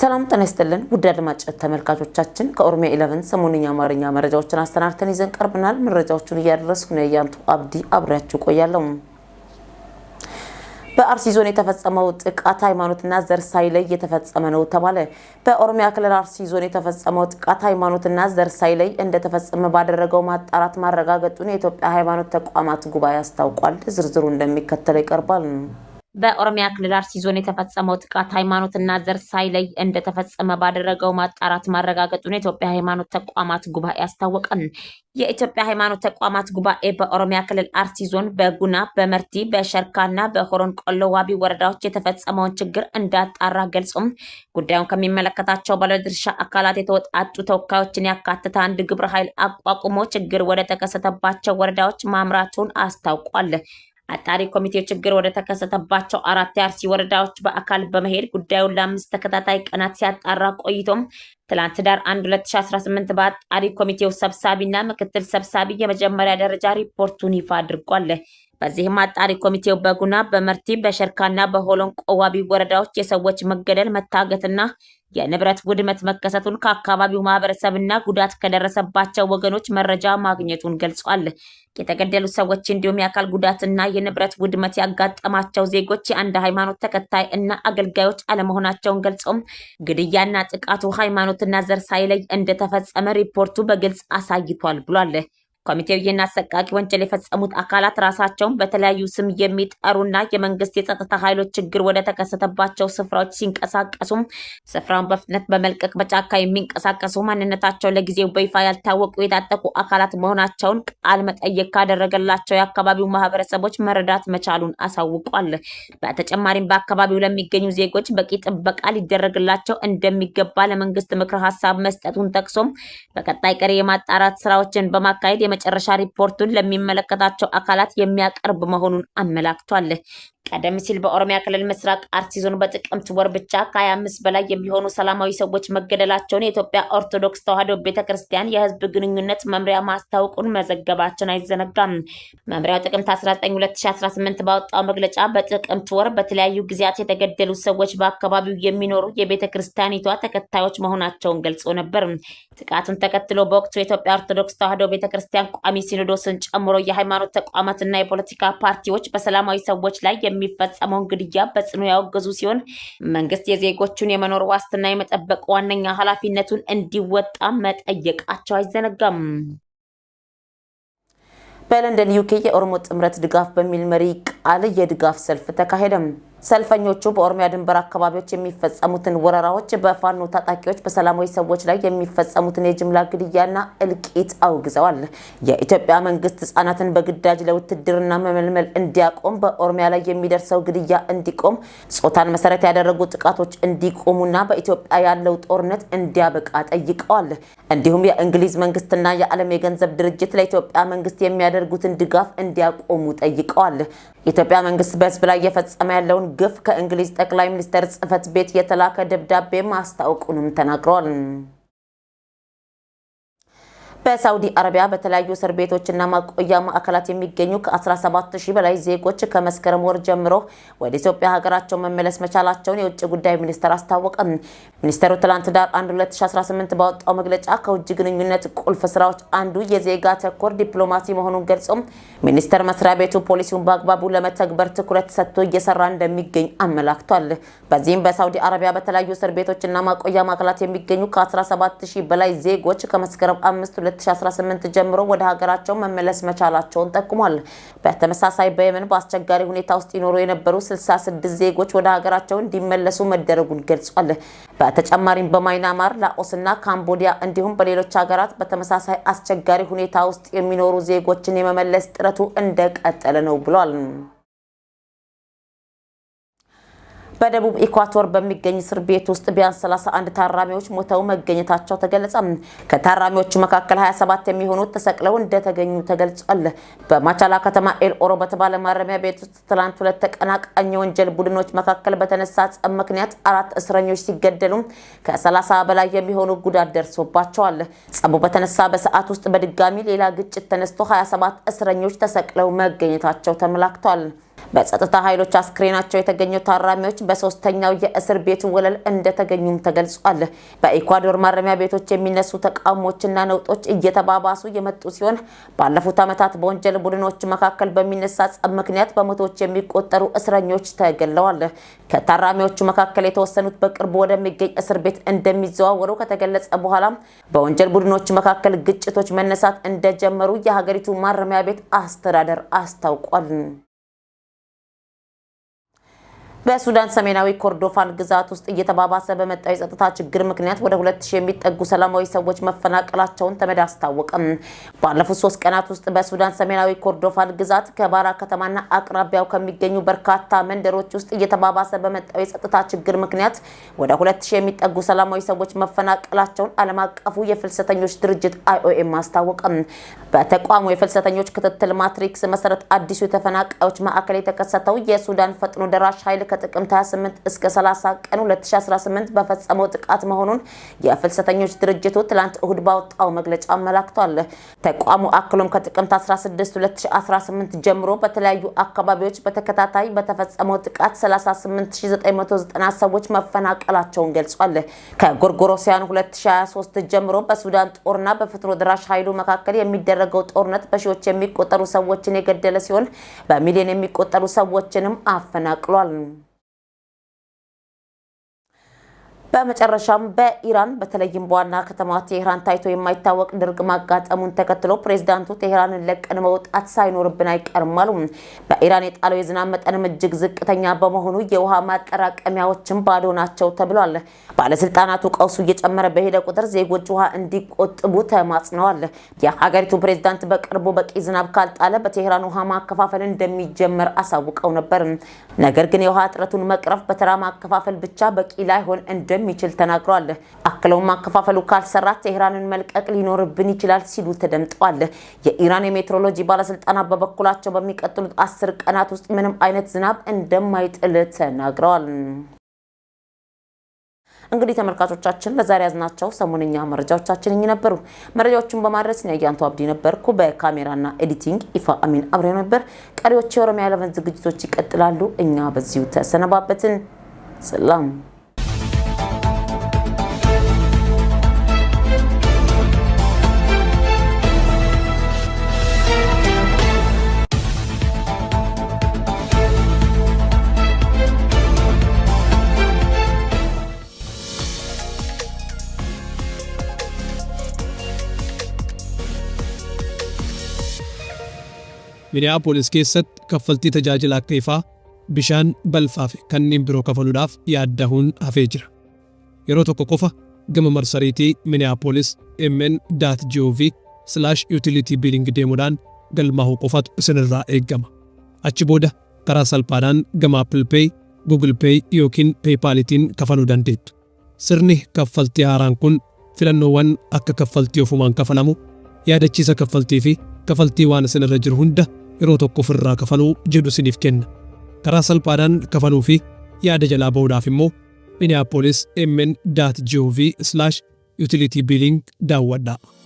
ሰላም ጤና ይስጥልን ውድ አድማጭ ተመልካቾቻችን፣ ከኦሮሚያ ኢለቨን ሰሞንኛ አማርኛ መረጃዎችን አሰናድተን ይዘን ቀርብናል። መረጃዎቹን እያደረስኩ ነው ያንቱ አብዲ፣ አብሬያችሁ ቆያለሁ። በአርሲ ዞን የተፈጸመው ጥቃት ሃይማኖትና ዘር ሳይለይ የተፈጸመ ነው ተባለ። በኦሮሚያ ክልል አርሲ ዞን የተፈጸመው ጥቃት ሃይማኖትና ዘር ሳይለይ እንደተፈጸመ ባደረገው ማጣራት ማረጋገጡን የኢትዮጵያ ሃይማኖት ተቋማት ጉባኤ አስታውቋል። ዝርዝሩ እንደሚከተለው ይቀርባል። በኦሮሚያ ክልል አርሲ ዞን የተፈጸመው ጥቃት ሃይማኖትና ዘር ሳይለይ እንደተፈጸመ ባደረገው ማጣራት ማረጋገጡን የኢትዮጵያ ሃይማኖት ተቋማት ጉባኤ አስታወቀን። የኢትዮጵያ ሃይማኖት ተቋማት ጉባኤ በኦሮሚያ ክልል አርሲ ዞን በጉና በመርቲ በሸርካና በሆሮን ቆሎ ዋቢ ወረዳዎች የተፈጸመውን ችግር እንዳጣራ ገልጾም ጉዳዩን ከሚመለከታቸው ባለድርሻ አካላት የተወጣጡ ተወካዮችን ያካተተ አንድ ግብረ ኃይል አቋቁሞ ችግር ወደ ተከሰተባቸው ወረዳዎች ማምራቱን አስታውቋል። አጣሪ ኮሚቴው ችግር ወደ ተከሰተባቸው አራት የአርሲ ወረዳዎች በአካል በመሄድ ጉዳዩን ለአምስት ተከታታይ ቀናት ሲያጣራ ቆይቶም ትላንት ዳር 1 2018 በአጣሪ ኮሚቴው ሰብሳቢና ምክትል ሰብሳቢ የመጀመሪያ ደረጃ ሪፖርቱን ይፋ አድርጓል። በዚህም አጣሪ ኮሚቴው በጉና በመርቲ በሸርካና በሆሎን ቆዋቢ ወረዳዎች የሰዎች መገደል መታገትና የንብረት ውድመት መከሰቱን ከአካባቢው ማህበረሰብና ጉዳት ከደረሰባቸው ወገኖች መረጃ ማግኘቱን ገልጿል። የተገደሉ ሰዎች እንዲሁም የአካል ጉዳትና የንብረት ውድመት ያጋጠማቸው ዜጎች የአንድ ሃይማኖት ተከታይ እና አገልጋዮች አለመሆናቸውን ገልጾም ግድያና ጥቃቱ ሃይማኖትና ዘር ሳይለይ እንደተፈጸመ ሪፖርቱ በግልጽ አሳይቷል ብሏል። ኮሚቴው ይህን አሰቃቂ ወንጀል የፈጸሙት አካላት ራሳቸውን በተለያዩ ስም የሚጠሩና የመንግስት የጸጥታ ኃይሎች ችግር ወደ ተከሰተባቸው ስፍራዎች ሲንቀሳቀሱም ስፍራውን በፍጥነት በመልቀቅ በጫካ የሚንቀሳቀሱ ማንነታቸው ለጊዜው በይፋ ያልታወቁ የታጠቁ አካላት መሆናቸውን ቃል መጠየቅ ካደረገላቸው የአካባቢው ማህበረሰቦች መረዳት መቻሉን አሳውቋል። በተጨማሪም በአካባቢው ለሚገኙ ዜጎች በቂ ጥበቃ ሊደረግላቸው እንደሚገባ ለመንግስት ምክረ ሀሳብ መስጠቱን ጠቅሶም በቀጣይ ቀሪ የማጣራት ስራዎችን በማካሄድ የመጨረሻ ሪፖርቱን ለሚመለከታቸው አካላት የሚያቀርብ መሆኑን አመላክቷል። ቀደም ሲል በኦሮሚያ ክልል ምስራቅ አርሲ ዞን በጥቅምት ወር ብቻ ከ25 በላይ የሚሆኑ ሰላማዊ ሰዎች መገደላቸውን የኢትዮጵያ ኦርቶዶክስ ተዋሕዶ ቤተ ክርስቲያን የሕዝብ ግንኙነት መምሪያ ማስታወቁን መዘገባችን አይዘነጋም። መምሪያው ጥቅምት 19 2018 ባወጣው መግለጫ በጥቅምት ወር በተለያዩ ጊዜያት የተገደሉ ሰዎች በአካባቢው የሚኖሩ የቤተ ክርስቲያኒቷ ተከታዮች መሆናቸውን ገልጾ ነበር። ጥቃቱን ተከትሎ በወቅቱ የኢትዮጵያ ኦርቶዶክስ ተዋሕዶ ቤተ ክርስቲያን ቋሚ ሲኖዶስን ጨምሮ የሃይማኖት ተቋማትና የፖለቲካ ፓርቲዎች በሰላማዊ ሰዎች ላይ የሚፈጸመውን ግድያ በጽኑ ያወገዙ ሲሆን መንግስት የዜጎቹን የመኖር ዋስትና የመጠበቅ ዋነኛ ኃላፊነቱን እንዲወጣ መጠየቃቸው አይዘነጋም። በለንደን ዩኬ የኦሮሞ ጥምረት ድጋፍ በሚል መሪ ቃል የድጋፍ ሰልፍ ተካሄደም። ሰልፈኞቹ በኦሮሚያ ድንበር አካባቢዎች የሚፈጸሙትን ወረራዎች፣ በፋኖ ታጣቂዎች በሰላማዊ ሰዎች ላይ የሚፈጸሙትን የጅምላ ግድያና እልቂት አውግዘዋል። የኢትዮጵያ መንግስት ህጻናትን በግዳጅ ለውትድርና መመልመል እንዲያቆም፣ በኦሮሚያ ላይ የሚደርሰው ግድያ እንዲቆም፣ ጾታን መሰረት ያደረጉ ጥቃቶች እንዲቆሙና በኢትዮጵያ ያለው ጦርነት እንዲያበቃ ጠይቀዋል። እንዲሁም የእንግሊዝ መንግስትና የዓለም የገንዘብ ድርጅት ለኢትዮጵያ መንግስት የሚያደርጉትን ድጋፍ እንዲያቆሙ ጠይቀዋል። ኢትዮጵያ መንግስት በህዝብ ላይ እየፈጸመ ያለውን ግፍ ከእንግሊዝ ጠቅላይ ሚኒስትር ጽህፈት ቤት የተላከ ደብዳቤ ማስታወቁንም ተናግሯል በሳውዲ አረቢያ በተለያዩ እስር ቤቶችና ማቆያ ማዕከላት የሚገኙ ከ17 ሺህ በላይ ዜጎች ከመስከረም ወር ጀምሮ ወደ ኢትዮጵያ ሀገራቸው መመለስ መቻላቸውን የውጭ ጉዳይ ሚኒስቴር አስታወቀ። ሚኒስቴሩ ትላንት ዳር 1 2018 ባወጣው መግለጫ ከውጭ ግንኙነት ቁልፍ ስራዎች አንዱ የዜጋ ተኮር ዲፕሎማሲ መሆኑን ገልጾ ሚኒስቴር መስሪያ ቤቱ ፖሊሲውን በአግባቡ ለመተግበር ትኩረት ሰጥቶ እየሰራ እንደሚገኝ አመላክቷል። በዚህም በሳውዲ አረቢያ በተለያዩ እስር ቤቶችና ማቆያ ማዕከላት የሚገኙ ከ17 ሺህ በላይ ዜጎች ከመስከረም 5 ጀምሮ ወደ ሀገራቸው መመለስ መቻላቸውን ጠቁሟል። በተመሳሳይ በየመን በአስቸጋሪ ሁኔታ ውስጥ ይኖሩ የነበሩ 66 ዜጎች ወደ ሀገራቸው እንዲመለሱ መደረጉን ገልጿል። በተጨማሪም በማይናማር ላኦስና ካምቦዲያ እንዲሁም በሌሎች ሀገራት በተመሳሳይ አስቸጋሪ ሁኔታ ውስጥ የሚኖሩ ዜጎችን የመመለስ ጥረቱ እንደቀጠለ ነው ብሏል። በደቡብ ኢኳቶር በሚገኝ እስር ቤት ውስጥ ቢያንስ 31 ታራሚዎች ሞተው መገኘታቸው ተገለጸ። ከታራሚዎቹ መካከል 27 የሚሆኑት ተሰቅለው እንደተገኙ ተገልጿል። በማቻላ ከተማ ኤል ኦሮ በተባለ ማረሚያ ቤት ውስጥ ትላንት ሁለት ተቀናቃኝ የወንጀል ቡድኖች መካከል በተነሳ ጸብ ምክንያት አራት እስረኞች ሲገደሉ ከ30 በላይ የሚሆኑ ጉዳት ደርሶባቸዋል። ጸቡ በተነሳ በሰዓት ውስጥ በድጋሚ ሌላ ግጭት ተነስቶ 27 እስረኞች ተሰቅለው መገኘታቸው ተመላክቷል። በጸጥታ ኃይሎች አስክሬናቸው የተገኙ ታራሚዎች በሶስተኛው የእስር ቤት ወለል እንደተገኙም ተገልጿል። በኢኳዶር ማረሚያ ቤቶች የሚነሱ ተቃውሞችና ነውጦች እየተባባሱ የመጡ ሲሆን ባለፉት ዓመታት በወንጀል ቡድኖች መካከል በሚነሳ ጸብ ምክንያት በመቶዎች የሚቆጠሩ እስረኞች ተገለዋል። ከታራሚዎቹ መካከል የተወሰኑት በቅርቡ ወደሚገኝ እስር ቤት እንደሚዘዋወሩ ከተገለጸ በኋላ በወንጀል ቡድኖች መካከል ግጭቶች መነሳት እንደጀመሩ የሀገሪቱ ማረሚያ ቤት አስተዳደር አስታውቋል። በሱዳን ሰሜናዊ ኮርዶፋን ግዛት ውስጥ እየተባባሰ በመጣው የጸጥታ ችግር ምክንያት ወደ ሁለት ሺህ የሚጠጉ ሰላማዊ ሰዎች መፈናቀላቸውን ተመድ አስታወቀም። ባለፉት ሶስት ቀናት ውስጥ በሱዳን ሰሜናዊ ኮርዶፋን ግዛት ከባራ ከተማና አቅራቢያው ከሚገኙ በርካታ መንደሮች ውስጥ እየተባባሰ በመጣው የጸጥታ ችግር ምክንያት ወደ ሁለት ሺህ የሚጠጉ ሰላማዊ ሰዎች መፈናቀላቸውን ዓለም አቀፉ የፍልሰተኞች ድርጅት አይኦኤም አስታወቀም። በተቋሙ የፍልሰተኞች ክትትል ማትሪክስ መሰረት አዲሱ የተፈናቃዮች ማዕከል የተከሰተው የሱዳን ፈጥኖ ደራሽ ኃይል ከጥቅምት 28 እስከ 30 ቀን 2018 በፈጸመው ጥቃት መሆኑን የፍልሰተኞች ድርጅቱ ትላንት እሁድ ባወጣው መግለጫ አመላክቷል። ተቋሙ አክሎም ከጥቅምት 16 2018 ጀምሮ በተለያዩ አካባቢዎች በተከታታይ በተፈጸመው ጥቃት 38990 ሰዎች መፈናቀላቸውን ገልጿል። ከጎርጎሮሲያን 2023 ጀምሮ በሱዳን ጦርና በፈጥኖ ደራሽ ኃይሉ መካከል የሚደረገው ጦርነት በሺዎች የሚቆጠሩ ሰዎችን የገደለ ሲሆን በሚሊዮን የሚቆጠሩ ሰዎችንም አፈናቅሏል። በመጨረሻም በኢራን በተለይም በዋና ከተማ ቴህራን ታይቶ የማይታወቅ ድርቅ ማጋጠሙን ተከትሎ ፕሬዚዳንቱ ቴህራንን ለቀን መውጣት ሳይኖርብን አይቀርም አሉ። በኢራን የጣለው የዝናብ መጠንም እጅግ ዝቅተኛ በመሆኑ የውሃ ማጠራቀሚያዎችን ባዶ ናቸው ተብሏል። ባለስልጣናቱ ቀውሱ እየጨመረ በሄደ ቁጥር ዜጎች ውሃ እንዲቆጥቡ ተማጽነዋል። የሀገሪቱ ፕሬዚዳንት በቅርቡ በቂ ዝናብ ካልጣለ በቴህራን ውሃ ማከፋፈል እንደሚጀመር አሳውቀው ነበር። ነገር ግን የውሃ እጥረቱን መቅረፍ በተራ ማከፋፈል ብቻ በቂ ላይሆን እንደ እንደሚችል ተናግሯል። አክለውም ማከፋፈሉ ካልሰራ ቴህራንን መልቀቅ ሊኖርብን ይችላል ሲሉ ተደምጠዋል። የኢራን የሜትሮሎጂ ባለስልጣናት በበኩላቸው በሚቀጥሉት አስር ቀናት ውስጥ ምንም አይነት ዝናብ እንደማይጥል ተናግረዋል። እንግዲህ ተመልካቾቻችን ለዛሬ ያዝናቸው ሰሞነኛ መረጃዎቻችን እኚህ ነበሩ። መረጃዎቹን በማድረስ ነው ያንቱ አብዲ ነበርኩ። በካሜራና ኤዲቲንግ ኢፋ አሚን አብሬ ነበር። ቀሪዎች የኦሮሚያ ኤለቨን ዝግጅቶች ይቀጥላሉ። እኛ በዚሁ ተሰነባበትን። ሰላም Miniyaapolis keessatti kaffaltii tajaajila akka ifaa bishaan balfaa fi kanneen biroo kafaluudhaaf yaaddahuun hafee jira. Yeroo tokko qofa gama marsariitii Miniyaapolis mn.gov/utility biling deemuudhaan galmaa'uu qofatu isinirraa eegama. Achi booda karaa salphaadhaan gama Apple Pay, Google Pay yookiin PayPaalitiin kafaluu dandeettu. Sirni kaffaltii haaraan kun filannoowwan akka kaffaltii ofumaan kafanamu yaadachiisa kaffaltii fi kaffaltii waan isinirra jiru hunda yeroo tokkoof irraa kafaluu jedhu siniif kenna. Karaa salphaadhaan kafaluu fi yaada jalaa ba'uudhaaf immoo minneapolis mn.gov/utility billing daawwadhaa.